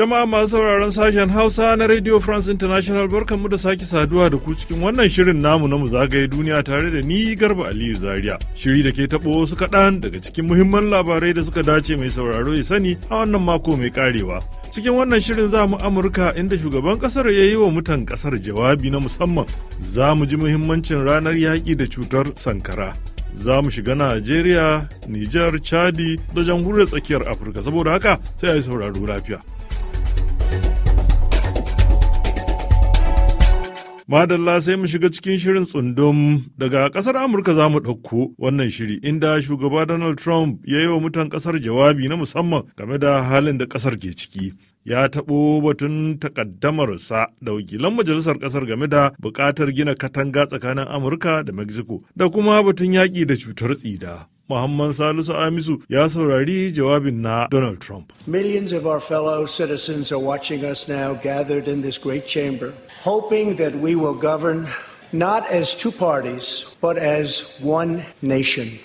Jama'a masu sauraron sashen Hausa na Radio France International barkanmu da sake saduwa da ku cikin wannan shirin namu na zagaye duniya tare da ni Garba Aliyu Zaria. Shiri da ke tabo wasu kaɗan daga cikin muhimman labarai da suka dace mai sauraro ya sani a wannan mako mai karewa. Cikin wannan shirin za mu Amurka inda shugaban ƙasar ya yi wa mutan ƙasar jawabi na musamman. Za mu ji muhimmancin ranar yaƙi da cutar sankara. za mu shiga Najeriya, Nijar, Chadi da jamhuriyar tsakiyar Afirka saboda haka sai a yi sauraro lafiya. Madalla sai mu shiga cikin shirin tsundum daga kasar Amurka za mu ɗauko wannan shiri inda shugaba Donald Trump ya yi wa mutan ƙasar jawabi na musamman game da halin da ƙasar ke ciki. Ya taɓo batun takaddamar sa da wakilan majalisar ƙasar game da buƙatar gina katanga tsakanin Amurka da Mexico da kuma batun yaƙi da cutar tsida. Muhammad Salisu Amisu ya saurari jawabin na Donald Trump. Millions of our fellow citizens are watching us now gathered in this great chamber. hoping that we will govern not as two parties, but as one nation.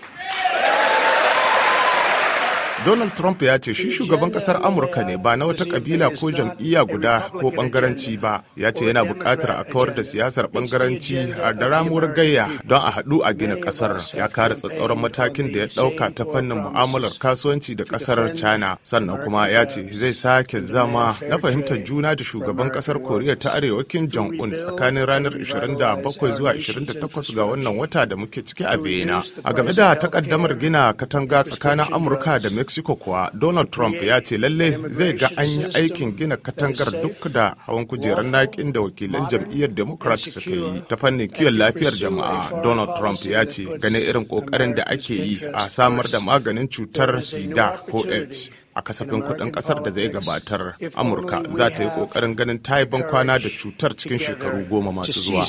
Donald Trump ya ce shi shugaban kasar Amurka ne ba na wata kabila ko jam'iyya guda ko bangaranci ba. Ya ce yana bukatar a kawar da siyasar bangaranci da ramuwar gayya don a haɗu a gina kasar. Ya kare tsatsauran matakin da ya ɗauka ta fannin mu'amalar kasuwanci da kasar China. Sannan kuma ya ce zai sake zama na fahimtar juna da shugaban kasar Koriya ta Arewa Kim Jong-un tsakanin ranar 27 zuwa 28 ga wannan wata da muke ciki a Vienna. A game da takaddamar gina katanga tsakanin Amurka da Mexico mexico kuwa donald trump ya ce lalle zai ga an yi aikin gina katangar duk da hawan kujerar nakin da wakilan jam'iyyar democrat suka yi ta fannin kiwon lafiyar jama'a donald trump ya ce ganin irin kokarin da ake yi a samar da maganin cutar sida ko aids a kasafin kudin kasar da zai gabatar amurka za ta yi kokarin ganin ta yi bankwana da cutar cikin shekaru goma masu zuwa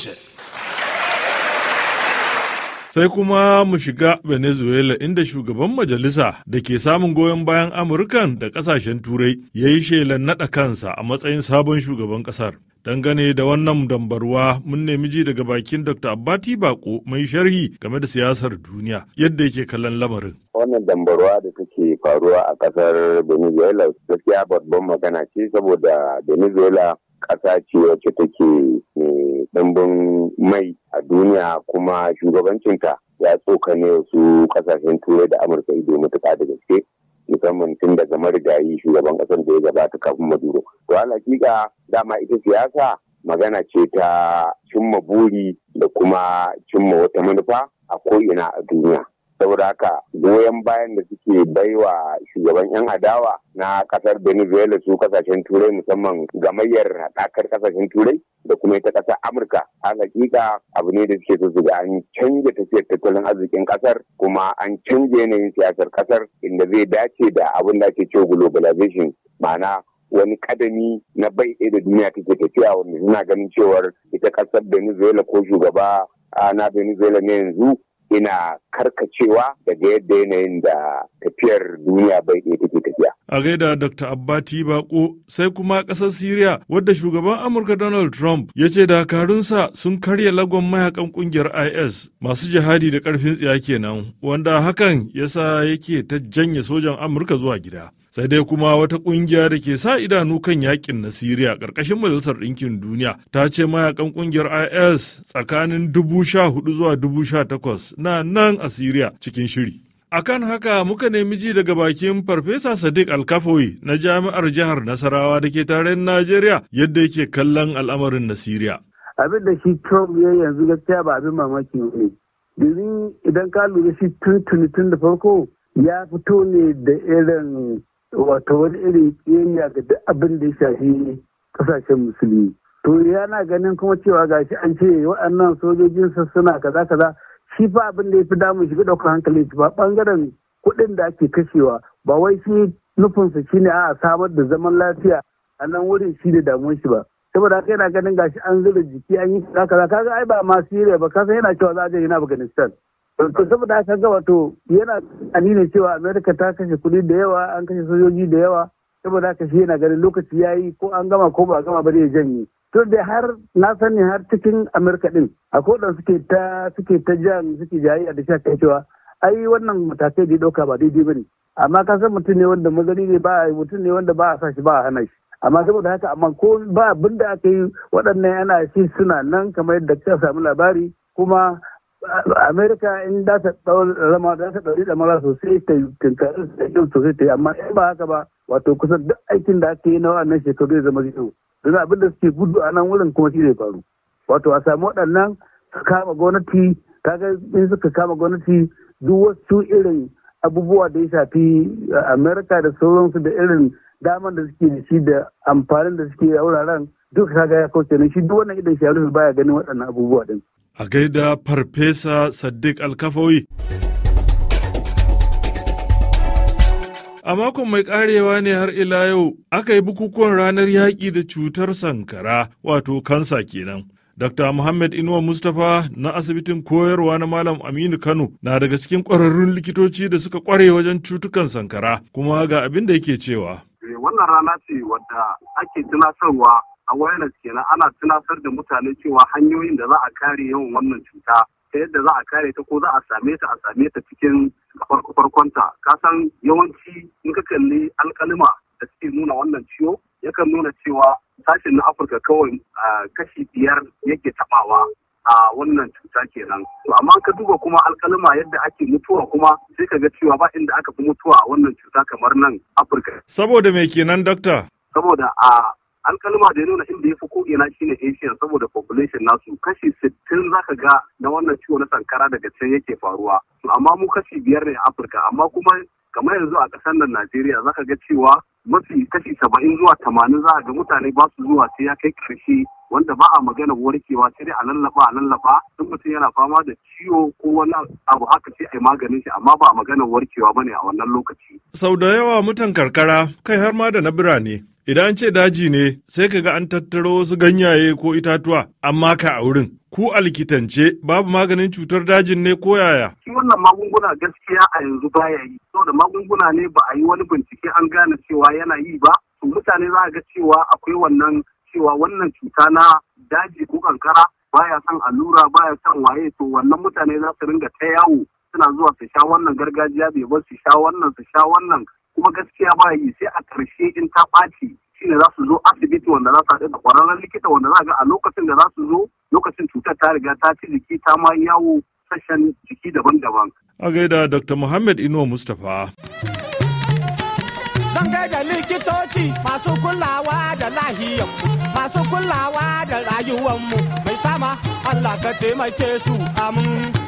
Sai kuma mu shiga Venezuela inda shugaban majalisa da ke samun goyon bayan Amurkan da kasashen Turai ya yi shelan naɗa kansa a matsayin sabon shugaban ƙasar. Dangane da wannan dambarwa mun nemi ji daga bakin Dr. Abbati Bako mai sharhi game da siyasar duniya yadda yake kallon lamarin. Wannan dambarwa da take faruwa a kasar Venezuela gaskiya babban magana ce saboda Venezuela ƙasa ce wacce take mai ɗimbin mai a duniya kuma shugabancinta ya tsokane su ƙasashen turai da amurka ido matuƙa da gaske musamman tun daga marigayi shugaban ƙasar da ya gabata kafin maduro to hakika dama ita siyasa magana ce ta cimma buri da kuma cimma wata manufa a ko'ina a duniya saboda haka goyon bayan da suke baiwa shugaban 'yan adawa na kasar venezuela su kasashen turai musamman gamayyar haɗakar kasashen turai da kuma ita ƙasar amurka a hakika abu ne da suke so su ga an canja tafiyar tattalin arzikin ƙasar kuma an canja yanayin siyasar ƙasar inda zai dace da abin da ake cewa globalization ma'ana wani kadami na bai ɗaya da duniya take tafiya wanda suna ganin cewar ita ƙasar venezuela ko shugaba na venezuela ne yanzu ina karkacewa daga yadda yanayin da tafiyar duniya bai ɗaya take tafiya. A gaida Dr. Abbati Bako sai kuma ƙasar Siriya wadda shugaban Amurka Donald Trump ya ce dakarunsa sun karya lagon mayakan ƙungiyar IS masu jihadi da ƙarfin tsiya kenan wanda hakan yasa yake ta janye sojan Amurka zuwa gida. sai dai kuma wata kungiya da ke sa idanu kan yakin na siriya ƙarƙashin majalisar ɗinkin duniya ta ce mayakan kungiyar is tsakanin dubu sha zuwa dubu sha takwas na nan a siriya cikin shiri akan haka muka nemi ji daga bakin farfesa sadiq alkafoyi na jami'ar jihar nasarawa da ke tarayyar najeriya yadda yake kallon al'amarin na siriya abin da shi trump ya yanzu gaskiya ba abin mamaki ne domin idan ka lura shi tun tuni tun da farko ya fito ne da irin wato wani irin kiyayya ga duk abin da ya shafi kasashen musulmi to yana ganin kuma cewa gashi an ce waɗannan sojojin suna kaza kaza shi fa abin da ya fi damun shi ɗaukar hankali ba ɓangaren kuɗin da ake kashewa ba wai shi nufinsa shine a samar da zaman lafiya a nan wurin shi da damuwar shi ba saboda haka yana ganin gashi an zura jiki an yi kaza kaza kaga ai ba masu yi ba kasan yana cewa za a je yana afghanistan to saboda haka ga wato yana anina cewa america ta kashe kudi da yawa an kashe sojoji da yawa saboda haka shi yana ganin lokaci ya yi ko an gama ko ba gama ba zai janye to da har na sani har cikin america din ko dan suke ta suke ta jan suke a da shi cewa ai wannan matakai da ɗauka ba daidai ba ne amma ka san mutum ne wanda magani ne ba mutum ne wanda ba a sa shi ba a hana shi amma saboda haka amma ko ba abin da aka yi waɗannan ana shi suna nan kamar yadda ka samu labari kuma amerika in da ta rama da ta ɗauri ɗamara sosai ta tunkarar da yau sosai ta yi amma in ba haka ba wato kusan duk aikin da aka yi na wannan shekaru ya zama yau don abin da suke gudu a nan wurin kuma shi zai faru wato a samu waɗannan su kama gwamnati kaga in suka kama gwamnati duk wasu irin abubuwa da ya shafi eh, amerika da sauransu da irin daman da suke da shi da amfanin da suke a wuraren duk kaga ya kauce ne shi duk wannan idan shi baya ganin waɗannan abubuwa din a gaida farfesa Sadiq Alkafawi. A makon mai karewa ne har ila yau aka yi bukukuwan ranar yaƙi da cutar sankara wato kansa kenan. Dr. Muhammad Inuwa Mustapha na asibitin koyarwa na Malam Aminu Kano na daga cikin ƙwararrun likitoci da suka ƙware wajen cutukan sankara kuma ga abin da yake cewa. Eh, wannan rana ce wadda ake tunatarwa a wayanas kenan ana tunatar da mutane cewa hanyoyin da za a kare yawan wannan cuta ta yadda za a kare ta ko za a same ta a same ta cikin farkonta ka san yawanci in ka kalli alkalima da suke nuna wannan ciwo yakan nuna cewa sashen na afirka kawai kashi biyar yake tabawa a wannan cuta kenan to amma ka duba kuma alkalima yadda ake mutuwa kuma sai ka ga cewa ba inda aka fi mutuwa a wannan cuta kamar nan afirka saboda me kenan dokta saboda a alkalma da ya nuna inda ya fi ko ina shine Asia saboda population nasu kashi sittin ka ga na wannan ciwo na sankara daga can yake faruwa amma mu kashi biyar ne a Afirka amma kuma kamar yanzu a ƙasar nan Najeriya za ka ga cewa mafi kashi saba'in zuwa tamanin za a ga mutane ba su zuwa sai ya kai ƙarshe wanda ba a magana warkewa sai dai a lallaba a lallaba in mutum yana fama da ciwo ko wani abu haka sai a yi maganin shi amma ba a magana warkewa ba ne a wannan lokaci. Sau da yawa mutan karkara kai har ma da na birane Idan an ce daji ne, sai ka ga an tattaro wasu ganyaye ko itatuwa, amma ka a wurin. Ku alkitance babu maganin cutar dajin ne ko yaya? Shi wannan magunguna gaskiya a yanzu baya yi. Saboda magunguna ne ba a yi wani bincike an gane cewa yana yi ba. To mutane za a ga cewa akwai wannan cewa wannan cuta na daji ko kankara baya son allura baya son waye to wannan mutane za su ringa ta yawo suna zuwa su sha wannan gargajiya bai bar su sha wannan su sha wannan kuma gaskiya ba yi sai a ƙarshe in ta ɓaci shine za su zo asibiti wanda za su haɗu da ƙwararren likita wanda za ga a lokacin da za su zo lokacin cutar ta riga ta ci jiki ta ma yawo sashen jiki daban-daban. A gaida Dr. Muhammad Inuwa Mustapha. Zan kai da likitoci masu kulawa da lahiyar masu kulawa da rayuwar mu mai sama Allah ka taimake su amin.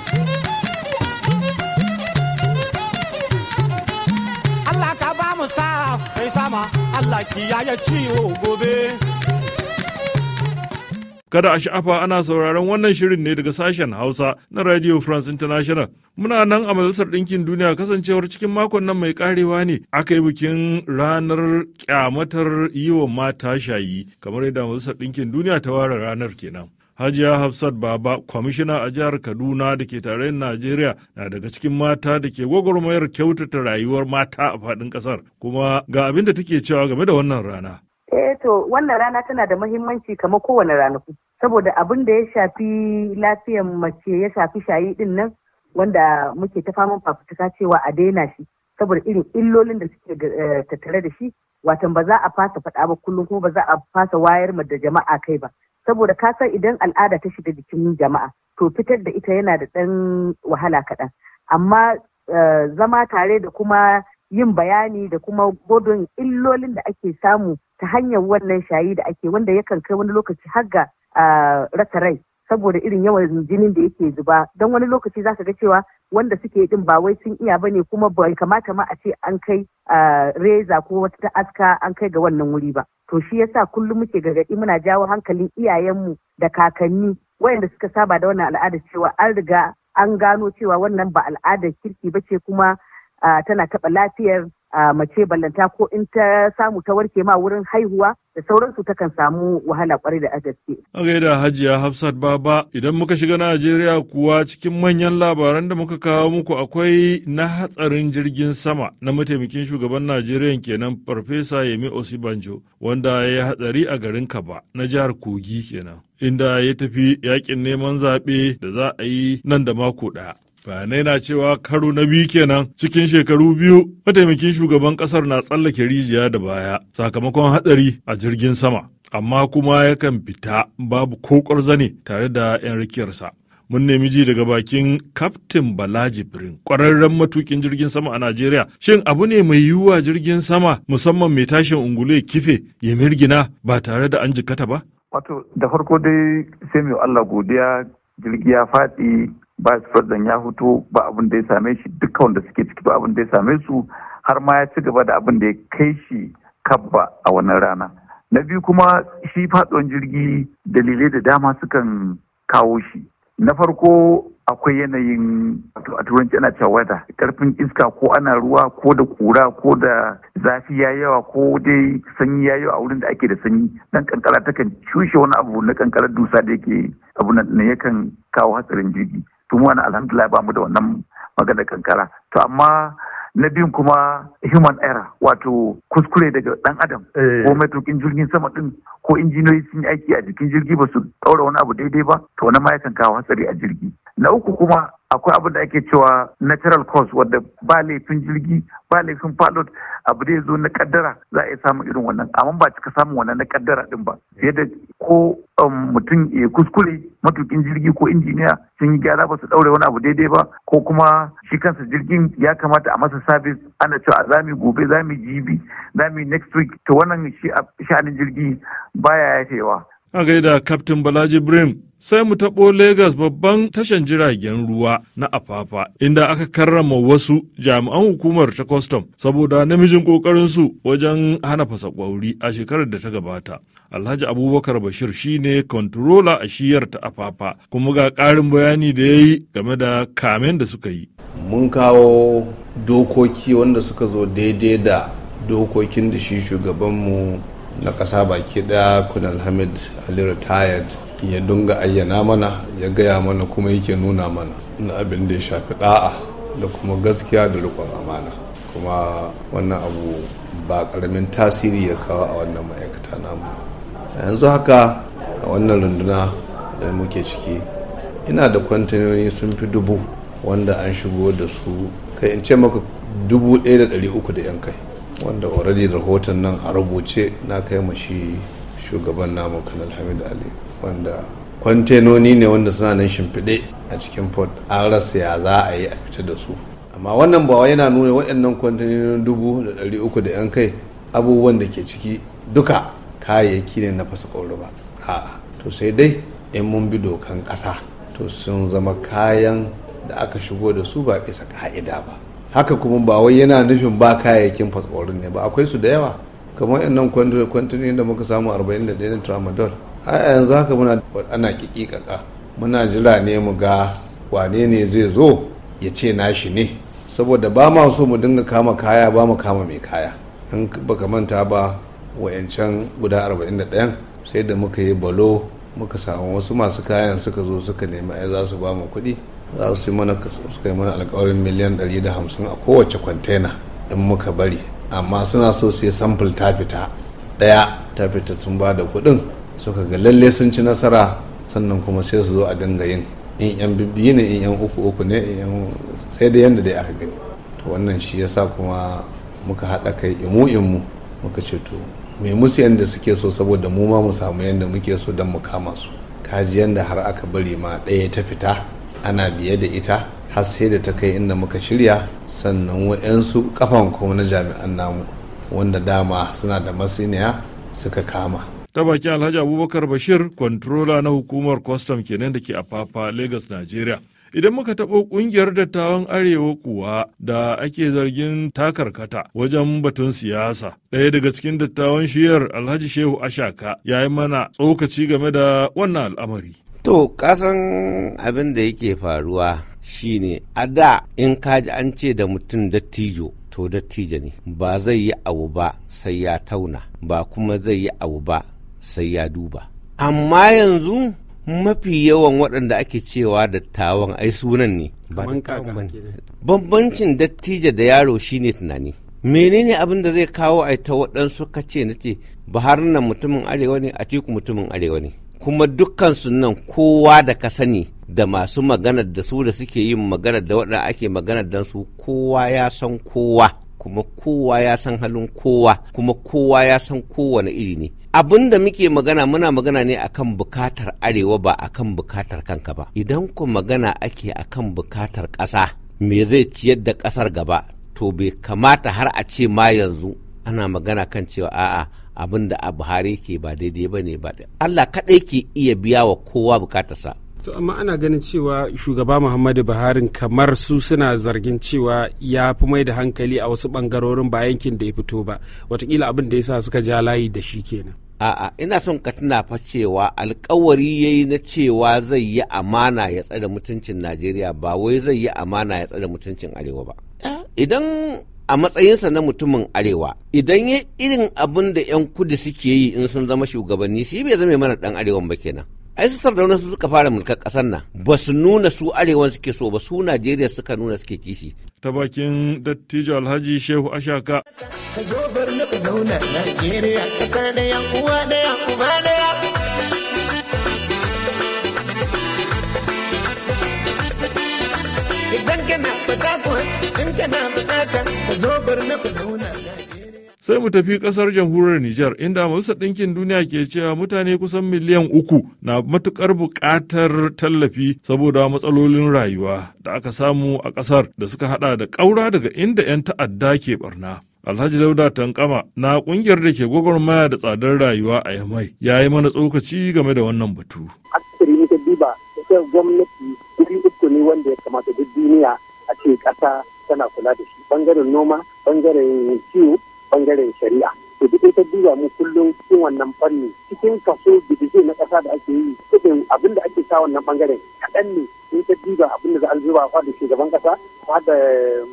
mu sa mai sama Allah kiyaye ciwo gobe. Kada a sha'afa ana sauraron wannan shirin ne daga sashen Hausa na Radio France International. Muna nan a Majalisar Ɗinkin Duniya kasancewar cikin makon nan mai karewa ne aka yi bikin ranar kyamatar yi wa mata shayi kamar yadda Majalisar Ɗinkin Duniya ta ware ranar kenan. Hajiya Hafsat Baba, kwamishina a jihar Kaduna da ke tarayyar Najeriya na daga cikin mata da ke gwagwarmayar kyautata rayuwar mata a faɗin ƙasar. Kuma ga abin da take cewa game da wannan rana. Eh to wannan rana tana da muhimmanci kamar kowane ranaku. Saboda abin da ya shafi lafiyar mace ya shafi shayi din nan wanda muke ta faman fafutuka cewa a daina shi. Saboda irin illolin da suke eh, tattare da shi watan ba za a fasa faɗa ba kullum kuma ba za a fasa wayar da jama'a kai ba. saboda ka san idan al'ada ta shiga jikin jama'a to fitar da ita yana da ɗan wahala kaɗan amma eh, zama tare da kuma yin bayani da kuma godon illolin da ake samu ta hanyar wannan shayi da ake wanda yakan kai wani lokaci har ga ah, rasa rai saboda irin yawan jinin da yake zuba don wani lokaci za ka ga cewa wanda suke din ba wai sun iya bane kuma bai kamata ma a ce an kai ah, reza ko wata aska an kai ga wannan wuri ba to shi yasa kullum muke gargaɗi muna jawo hankalin iyayenmu da kakanni wayanda suka saba da wannan al'ada cewa an riga an gano cewa wannan ba al'adar kirki ba ce kuma tana taɓa lafiyar mace ballanta ko in ta samu ta warke ma wurin haihuwa da sauransu ta kan samu wahala kwarai da gaske. A gaida Hajiya Hafsat Baba idan muka shiga Najeriya kuwa cikin manyan labaran da muka kawo muku akwai na hatsarin jirgin sama na mataimakin shugaban Najeriya kenan Farfesa Yemi Osibanjo wanda ya yi hatsari a garin Kaba na jihar Kogi kenan. Inda ya tafi yakin neman zaɓe da za a yi nan da mako ɗaya. bayanai na cewa karo na biyu kenan cikin shekaru biyu mataimakin shugaban kasar na tsallake rijiya da baya sakamakon hatsari a jirgin sama amma kuma yakan fita babu ko zane tare da 'yan rikiyarsa mun nemi ji daga bakin kaftin bala jibrin kwararren matukin jirgin sama a najeriya shin abu ne mai yiwuwa jirgin sama musamman mai tashin ungulu kife ya mirgina ba tare da an jikata ba wato da farko dai sai mai allah godiya jirgi ya faɗi ba su farzan ya hutu ba abin da ya same shi duka wanda suke ciki ba abin da ya same su har ma ya ci gaba da abin da ya kai shi kabba a wannan rana na biyu kuma shi fatsuwan jirgi dalilai da dama sukan kawo shi na farko akwai yanayin a turanci ana cewa weather karfin iska ko ana ruwa ko da kura ko da zafi ya yawa ko dai sanyi ya yawa a wurin da ake da sanyi dan kankara takan cushe wani abu na kankarar dusa da yake abu na yakan kawo hatsarin jirgi tun wani alhamdulillah ba mu da wannan magana kankara to amma na biyun kuma human error wato kuskure daga dan adam eh. ko matukin jirgin sama din ko injiniyoyi sun yi aiki a jikin jirgi ba su daura wani abu daidai ba to wani ma yakan kawo hatsari a jirgi na uku kuma akwai abin da ake cewa natural cause wadda ba laifin jirgi ba laifin pilot abu da ya zo na kaddara za a iya samun irin wannan amma ba cika samun wannan na kaddara din ba fiye da ko um, mutum ya kuskure matukin jirgi ko injiniya sun yi gyara ba su daure wani abu daidai ba ko kuma shi kansa jirgin ya kamata a masa sabis ana cewa za mu gobe za mu jibi za mu next week to wannan sha'anin jirgi baya yafewa a gaida Kaftin Balaji Brim. Sai mu taɓo Legas babban tashan jiragen ruwa na Afafa, inda aka karrama wasu jami'an hukumar ta kwastam saboda namijin su wajen hana fasa kwauri a shekarar da ta gabata. Alhaji Abubakar Bashir shine kontrola a shiyar ta Afafa, kuma ga ƙarin bayani da ya yi game da kamen da suka yi. Mun kawo dokoki wanda suka zo daidai da dokokin da shi shugabanmu na ƙasa baki ɗaya kunal hamid ali retired ya dunga ayyana mana ya gaya mana kuma yake nuna mana na abin da ya shafi ɗa'a da kuma gaskiya da rikon amana kuma wannan abu ba karamin tasiri ya kawo a wannan ma'aikata namu yanzu haka a wannan runduna da muke ciki ina da kwantanoni sun fi dubu wanda an shigo da su kai in ce maka dubu ɗaya da ɗari uku da yan kai wanda already rahoton nan a rubuce na kai ma shi shugaban namu kan alhamid ali wanda kwantenoni ne wanda suna nan shimfiɗe a cikin port an rasa ya za a yi a fita da su amma wannan ba yana nuna waɗannan kwantenoni dubu da ɗari uku da yan kai abubuwan da ke ciki duka kayayyaki ne na fasa ƙauri ba a'a to sai dai in mun bi dokan ƙasa to sun zama kayan da aka shigo da su ba bisa ƙa'ida ba haka kuma ba wai yana nufin ba kayayyakin fasforin ne ba akwai su da yawa kamar yan nan kwantini da muka samu 41 na tramadol a yanzu haka muna ana kikikaka muna jira ne mu ga wane ne zai zo ya ce nashi ne saboda ba ma so mu dinga kama kaya ba mu kama mai kaya in baka manta ba wayancan guda 41 sai da muka yi balo muka samu wasu masu kayan suka zo suka nemi ya za su ba mu kuɗi za su yi mana suka yi mana alkawarin miliyan 150 a kowace kwantena in muka bari amma suna so su yi samfil ta fita daya ta fita sun ba da kuɗin suka ga lalle sun ci nasara sannan kuma sai su zo a dinga yin in yan bibbiyi ne in yan uku uku ne in yan sai da yanda dai aka gani to wannan shi yasa kuma muka haɗa kai imu imu muka ce to mai musu yanda suke so saboda mu ma mu samu yanda muke so don mu kama su kaji yanda har aka bari ma ɗaya ta fita ana biye da ita har sai da ta kai inda muka shirya sannan wa'yansu kafan kuma na jami'an namu wanda dama suna da masiniya suka kama ta baki alhaji abubakar bashir kwantrola na hukumar kwastam kenan da ke a fafa lagos nigeria idan muka taɓo ƙungiyar dattawan arewa kuwa da ake zargin takarkata wajen batun siyasa ɗaya daga cikin dattawan shiyar alhaji shehu ashaka ya yi mana tsokaci game da wannan al'amari To, kasan abin da yake faruwa shine a da in kaji an ce da mutum dattijo, to dattijo ne, ba zai yi abu ba sai ya tauna, ba kuma zai yi abu ba sai ya duba. Amma yanzu mafi yawan waɗanda ake cewa dattawan ai sunan ne. Bambancin dattijo da yaro shine tunani. menene abin da zai kawo a ta waɗansu kace na ce ba har nan mutumin arewa ne a tiku mutumin arewa ne kuma dukkan nan kowa da ka sani da masu maganar da su da suke yin magana da waɗanda ake maganar don su kowa ya san kowa kuma kowa ya san halin kowa kuma kowa ya san kowane iri ne abin da muke magana muna magana ne akan bukatar arewa ba akan bukatar kanka ba idan ku magana ake akan bukatar ƙasa me zai ciyar da ƙasar gaba to bai kamata har a ce ma yanzu ana magana kan cewa a'a abin da a buhari ke ba daidai ba ne ba allah kaɗai ke iya biya wa kowa bukatarsa to amma ana ganin cewa shugaba muhammadu buhari kamar su suna zargin cewa ya fi mai da hankali a wasu bangarorin ba yankin da ya fito ba watakila abin da ya sa suka ja layi da shi kenan a'a ina son ka tuna fa cewa alkawari ya yi na cewa zai yi amana ya tsare mutuncin najeriya ba wai zai yi amana ya tsare mutuncin arewa ba ah. idan a matsayinsa na mutumin arewa idan ya irin abin da 'yan kudu suke yi in sun zama shugabanni shi bai zama mana dan arewan ba kenan ai su sardauna su suka fara mulkar kasar nan ba su nuna su arewan suke so ba su najeriya suka nuna suke kishi ta bakin dattijo alhaji shehu ashaka ka zo zauna uwa idan kana fata yana zo ku zauna sai mu tafi kasar jamhuriyar Nijar inda Majalisar Ɗinkin Duniya ke cewa mutane kusan miliyan uku na matukar buƙatar tallafi saboda matsalolin rayuwa da aka samu a ƙasar da suka hada da ƙaura daga inda 'yan ta'adda ke barna. Alhaji Dauda Tankama na ƙungiyar da ke gwagwarmaya da tsadar rayuwa a Yamai ya yi mana tsokaci game da wannan batu. Asiri ta diba ita gwamnati wuri ne wanda ya kamata duk duniya a ce kasa tana kula da shi bangaren noma bangaren kiwo bangaren shari'a to duk ita duba mu kullum cikin wannan fanni cikin kaso bidije na kasa da ake yi cikin abin da ake sa wannan bangaren kaɗan ne in ta duba abin da za a zuba kwa da shugaban kasa kwa da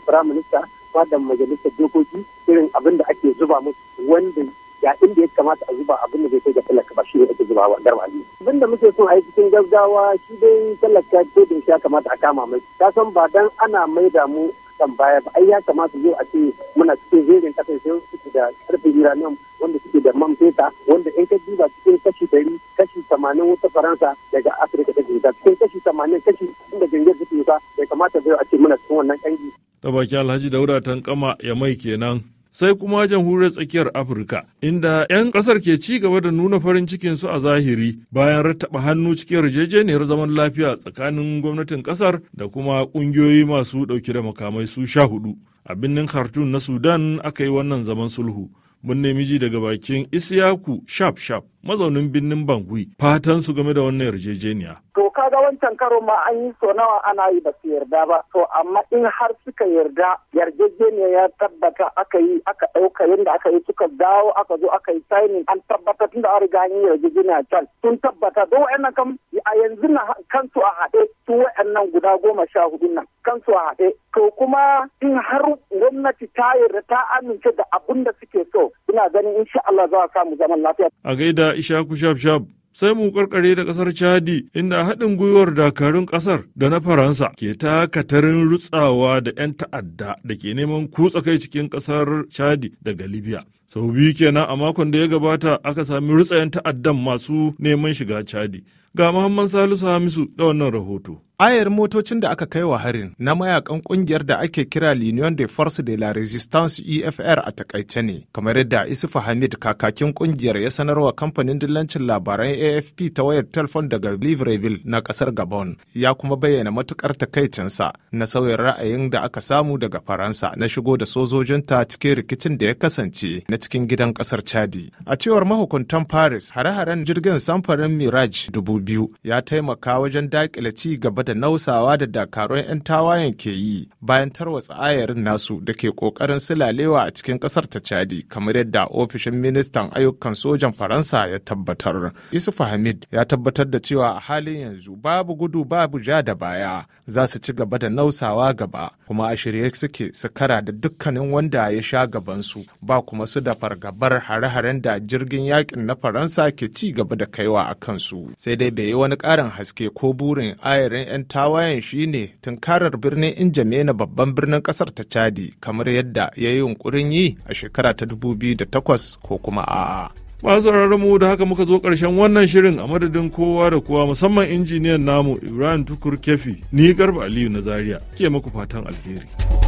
firaminista kwa da majalisar dokoki irin abin da ake zuba musu wanda ya inda ya kamata a zuba abin da zai kai ga talaka ba shi ne ake zuba wa garba ne abin da muke son a yi cikin gaggawa shi dai talaka ko da ya kamata a kama mai ka san ba dan ana mai da mu kan baya ba ai ya kamata yau a ce muna cikin jerin kasashen suke da karfe uranium wanda suke da man feta wanda in ka duba cikin kashi dari kashi tamanin wata faransa daga afirka ta jirga cikin kashi tamanin kashi inda gangar suke ya kamata yau a ce muna cikin wannan kangi. da baki alhaji wuratan kama ya mai kenan. sai kuma jamhuriyar tsakiyar Afirka, inda 'yan ƙasar ke ci gaba da nuna farin cikinsu a zahiri bayan rattaba hannu cikin yarjejeniyar zaman lafiya tsakanin gwamnatin ƙasar da kuma ƙungiyoyi masu ɗauke da makamai su sha hudu. A birnin Khartoum na Sudan aka yi wannan zaman sulhu. mun nemi ji daga bakin Isiyaku Shap Shap mazaunin birnin Bangui fatan su game da wannan yarjejeniya. To ga wancan karo ma an yi so nawa ana yi ba su yarda ba to amma in har suka yarda yarjejeniya ya tabbata aka yi aka ɗauka yadda aka yi suka dawo aka zo aka yi signing an tabbata tun da an riga an yi yarjejeniya can sun tabbata don wa'annan kam a yanzu na kansu a haɗe su wa'annan guda goma sha hudu nan kansu a haɗe to kuma in har gwamnati ta yarda ta amince da abin da suke so ina ganin insha Allah za a samu zaman lafiya. A gaida Ishaku Shab Shab. sai mu karkare da kasar chadi inda haɗin gwiwar dakarun kasar da na faransa ke takatarin rutsawa da 'yan ta'adda da ke neman kutsa kai cikin kasar chadi daga libya sau biyu kenan a makon da ya gabata aka sami rutsa ta'addan masu neman shiga chadi Ga Muhammad Salisu Hamisu da wannan rahoto. Ayar motocin da aka kai wa harin na mayakan kungiyar da ake kira union de Force de la Resistance EFR a takaice ne, kamar yadda Isufa Hamid kakakin kungiyar ya sanarwa kamfanin dillancin labaran AFP ta wayar telefon daga Libreville na kasar Gabon, ya kuma bayyana matukar takaicinsa na sauyin ra'ayin da aka samu daga Faransa na shigo da sojojinta cikin rikicin da ya kasance na cikin gidan kasar Chadi. A cewar mahukuntan Paris, hare-haren jirgin samfarin Mirage dubu biyu ya taimaka wajen dakile ci gaba da nausawa da dakarun 'yan tawayen ke yi bayan tarwatsa ayarin nasu da ke kokarin silalewa a cikin kasar ta chadi kamar yadda ofishin ministan ayyukan sojan faransa ya tabbatar isuf hamid ya tabbatar da cewa a halin yanzu babu gudu babu ja da baya za su ci gaba da nausawa gaba kuma a shirye suke su kara da dukkanin wanda ya sha gaban su ba kuma su da fargabar hare-haren da jirgin yakin na faransa ke ci gaba da kaiwa a kansu sai dai da ya wani karin haske ko burin ayarin 'yan tawayen shi shine tunkarar birnin injamena babban birnin ƙasar ta chadi kamar yadda ya yi yunkurin yi a shekara ta 2008 ko kuma a'a. masu mu da haka muka zo karshen wannan shirin a madadin kowa da kowa musamman injiniyan namu ibrahim tukur kefi ni garba aliyu na zaria ke muku fatan alheri.